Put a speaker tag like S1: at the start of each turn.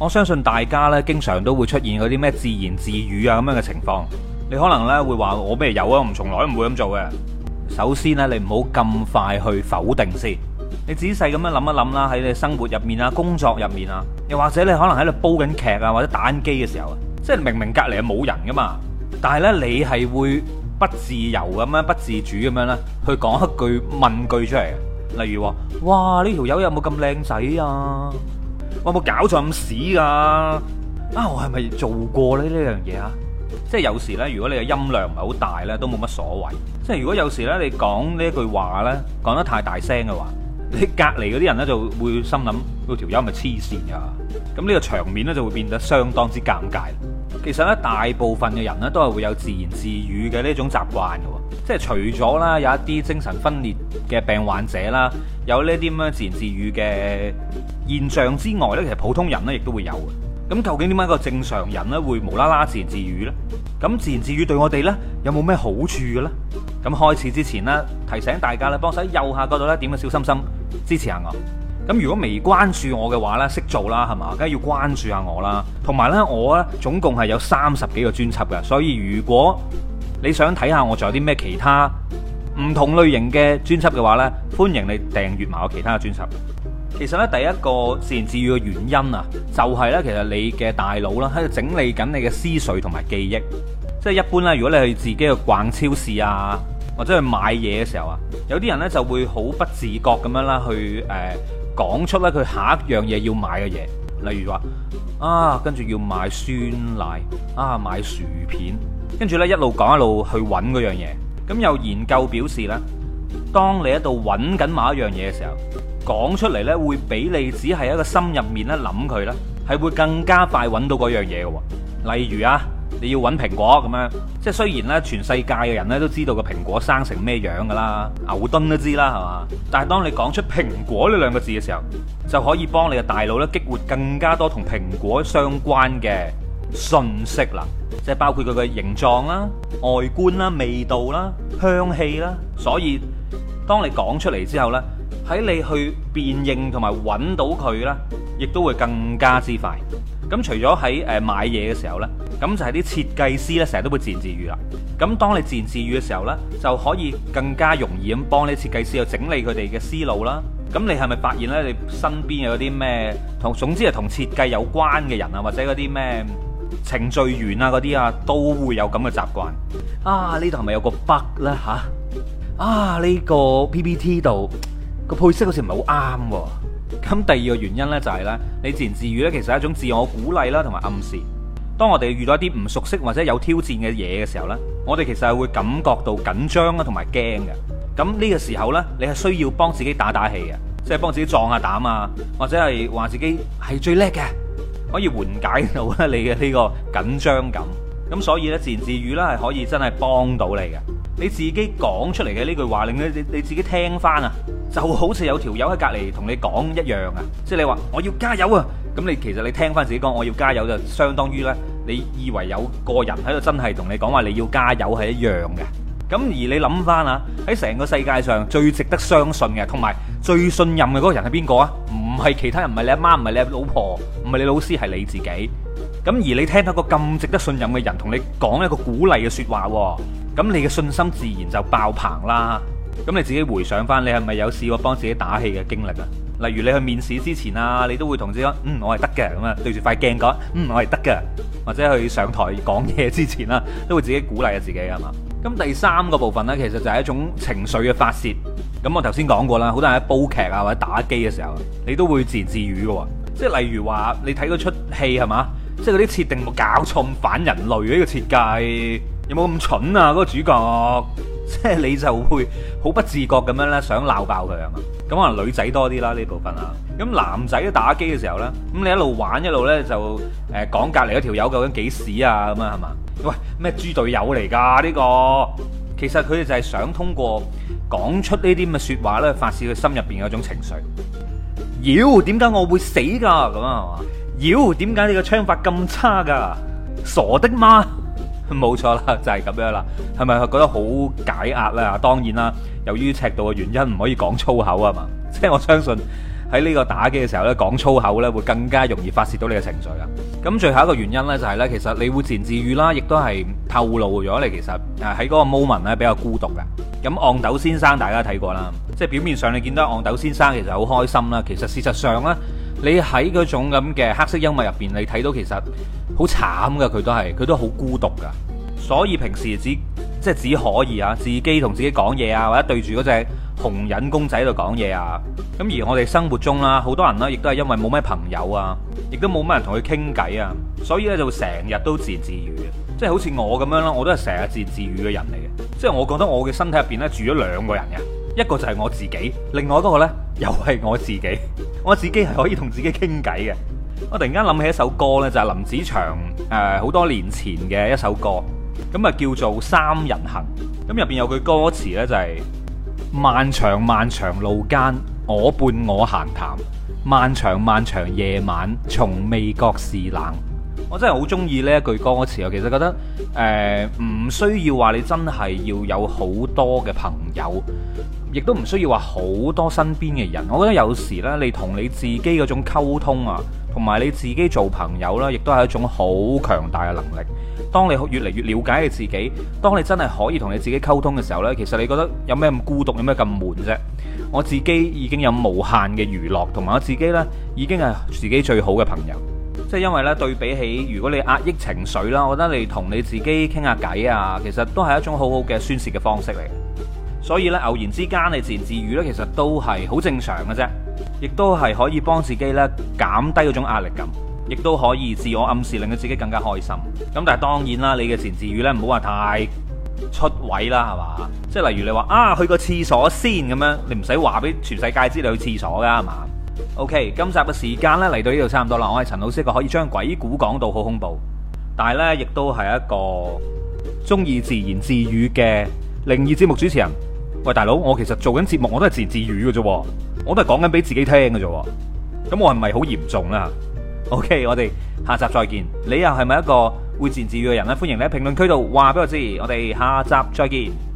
S1: 我相信大家咧，經常都會出現嗰啲咩自言自語啊咁樣嘅情況。你可能咧會話，我咩有啊？我從來唔會咁做嘅。首先咧，你唔好咁快去否定先。你仔細咁樣諗一諗啦，喺你生活入面啊、工作入面啊，又或者你可能喺度煲緊劇啊，或者打機嘅時候啊，即係明明隔籬係冇人噶嘛，但係咧你係會不自由咁樣、不自主咁樣咧，去講一句問句出嚟，例如話：哇，呢條友有冇咁靚仔啊？我冇搞錯咁屎噶？啊，我係咪做過呢呢樣嘢啊？即係有時呢，如果你嘅音量唔係好大呢，都冇乜所謂。即係如果有時呢，你講呢一句話呢，講得太大聲嘅話，你隔籬嗰啲人呢，就會心諗，嗰條音咪黐線噶。咁呢個場面呢，就會變得相當之尷尬。其實咧，大部分嘅人咧都係會有自言自語嘅呢種習慣嘅。哦，即係除咗啦有一啲精神分裂嘅病患者啦，有呢啲咁樣自言自語嘅現象之外，呢其實普通人呢亦都會有。咁究竟點解個正常人呢會無啦啦自言自語呢？咁自言自語對我哋呢有冇咩好處嘅咧？咁開始之前呢，提醒大家啦，幫手喺右下角度咧點個小心心，支持下我。咁如果未關注我嘅話呢，識做啦，係嘛？梗係要關注下我啦。同埋呢，我呢總共係有三十幾個專輯嘅，所以如果你想睇下我仲有啲咩其他唔同類型嘅專輯嘅話呢，歡迎你訂閱埋我其他嘅專輯。其實呢，第一個自言自語嘅原因啊，就係、係、呢，其實你嘅大腦啦喺度整理緊你嘅思緒同埋記憶。即係一般呢，如果你去自己去逛超市啊，或者去買嘢嘅時候啊，有啲人呢就會好不自覺咁樣啦，去、呃、誒。講出咧佢下一樣嘢要買嘅嘢，例如話啊，跟住要買酸奶啊，買薯片、跟住咧一路講一路去揾嗰樣嘢。咁有研究表示咧，當你喺度揾緊某一樣嘢嘅時候，講出嚟咧會比你只係一個心入面咧諗佢咧，係會更加快揾到嗰樣嘢嘅。例如啊。你要揾蘋果咁樣，即係雖然呢，全世界嘅人呢都知道個蘋果生成咩樣㗎啦，牛頓都知啦，係嘛？但係當你講出蘋果呢兩個字嘅時候，就可以幫你嘅大腦呢激活更加多同蘋果相關嘅信息啦，即係包括佢嘅形狀啦、外觀啦、味道啦、香氣啦。所以當你講出嚟之後呢，喺你去辨認同埋揾到佢呢，亦都會更加之快。咁除咗喺誒買嘢嘅時候呢，咁就係啲設計師呢成日都會自言自語啦。咁當你自言自語嘅時候呢，就可以更加容易咁幫啲設計師又整理佢哋嘅思路啦。咁你係咪發現呢？你身邊有啲咩同總之係同設計有關嘅人啊，或者嗰啲咩程序員啊嗰啲啊，都會有咁嘅習慣。啊！呢度係咪有個 bug 呢？吓！啊！呢個 PPT 度個配色好似唔係好啱喎。咁第二個原因呢，就係呢，你自言自語呢，其實係一種自我鼓勵啦，同埋暗示。當我哋遇到一啲唔熟悉或者有挑戰嘅嘢嘅時候呢，我哋其實係會感覺到緊張啦，同埋驚嘅。咁呢個時候呢，你係需要幫自己打打氣嘅，即係幫自己壯下膽啊，或者係話自己係最叻嘅，可以緩解到咧你嘅呢個緊張感。咁所以呢，自言自語咧係可以真係幫到你嘅。你自己講出嚟嘅呢句話，令你你自己聽翻啊！就好似有條友喺隔籬同你講一樣啊，即係你話我要加油啊，咁你其實你聽翻自己講我要加油就相當於呢，你以為有個人喺度真係同你講話你要加油係一樣嘅，咁而你諗翻啊，喺成個世界上最值得相信嘅同埋最信任嘅嗰個人係邊個啊？唔係其他人，唔係你阿媽，唔係你老婆，唔係你老師，係你自己。咁而你聽到個咁值得信任嘅人同你講一個鼓勵嘅說話，咁你嘅信心自然就爆棚啦。咁你自己回想翻，你係咪有試過幫自己打氣嘅經歷啊？例如你去面試之前啊，你都會同自己講，嗯，我係得嘅。咁啊，對住塊鏡講，嗯，我係得嘅，或者去上台講嘢之前啦，啊，都會自己鼓勵下自己嘅係嘛。咁第三個部分呢，其實就係一種情緒嘅發洩。咁我頭先講過啦，好多人喺煲劇啊或者打機嘅時候，你都會自言自語嘅，啊。即係例如話你睇嗰出戲係嘛，即係嗰啲設定冇搞錯反人類呢，這個設計。有冇咁蠢啊？嗰、那個主角，即 係你就會好不自覺咁樣咧，想鬧爆佢啊嘛！咁可能女仔多啲啦呢部分呢、呃、啊。咁男仔咧打機嘅時候咧，咁你一路玩一路咧就誒講隔籬嗰條友究竟幾屎啊咁啊係嘛？喂咩豬隊友嚟噶呢個？其實佢哋就係想通過講出呢啲咁嘅說話咧，發泄佢心入邊嗰種情緒。妖，點解我會死噶？咁啊係嘛？妖，點解你個槍法咁差噶？傻的嗎？冇錯啦，就係、是、咁樣啦，係咪覺得好解壓啦？當然啦，由於尺度嘅原因唔可以講粗口啊嘛，即係、就是、我相信喺呢個打機嘅時候呢，講粗口呢會更加容易發泄到你嘅情緒啊。咁最後一個原因呢，就係、是、呢，其實你會自言自語啦，亦都係透露咗你其實啊喺嗰個 moment 呢比較孤獨嘅。咁憨豆先生大家睇過啦，即係表面上你見到憨豆先生其實好開心啦，其實事實上呢。你喺嗰種咁嘅黑色幽默入邊，你睇到其實好慘噶，佢都係佢都好孤獨噶，所以平時只即係只可以啊，自己同自己講嘢啊，或者對住嗰隻熊人公仔度講嘢啊。咁而我哋生活中啦，好多人啦，亦都係因為冇咩朋友啊，亦都冇乜人同佢傾偈啊，所以咧就成日都自言自語，即係好似我咁樣啦，我都係成日自言自語嘅人嚟嘅，即係我覺得我嘅身體入邊咧住咗兩個人嘅。一個就係我自己，另外嗰個呢，又係我自己， 我自己係可以同自己傾偈嘅。 我突然間諗起一首歌呢，就係、是、林子祥誒好、呃、多年前嘅一首歌，咁啊叫做《三人行》。咁入邊有句歌詞呢，就係、是：漫長漫長路間，我伴我閒談；漫長漫長夜晚，從未覺是冷。我真係好中意呢一句歌詞，我其實覺得誒唔、呃、需要話你真係要有好多嘅朋友。亦都唔需要話好多身邊嘅人，我覺得有時呢，你同你自己嗰種溝通啊，同埋你自己做朋友啦，亦都係一種好強大嘅能力。當你越嚟越了解你自己，當你真係可以同你自己溝通嘅時候呢，其實你覺得有咩咁孤獨，有咩咁悶啫？我自己已經有無限嘅娛樂，同埋我自己呢已經係自己最好嘅朋友。即係因為呢，對比起如果你壓抑情緒啦，我覺得你同你自己傾下偈啊，其實都係一種好好嘅宣泄嘅方式嚟。所以咧，偶然之間你自言自語咧，其實都係好正常嘅啫，亦都係可以幫自己咧減低嗰種壓力感，亦都可以自我暗示令到自己更加開心。咁但係當然啦，你嘅自言自語咧唔好話太出位啦，係嘛？即係例如你話啊，去個廁所先咁樣，你唔使話俾全世界知你去廁所噶，係嘛？OK，今集嘅時間咧嚟到呢度差唔多啦。我係陳老師一個，個可以將鬼故講到好恐怖，但係咧亦都係一個鍾意自言自語嘅靈異節目主持人。喂，大佬，我其實做緊節目，我都係自言自語嘅啫，我都係講緊俾自己聽嘅啫。咁我係咪好嚴重咧？OK，我哋下集再見。你又係咪一個會自言自語嘅人咧？歡迎你喺評論區度話俾我知。我哋下集再見。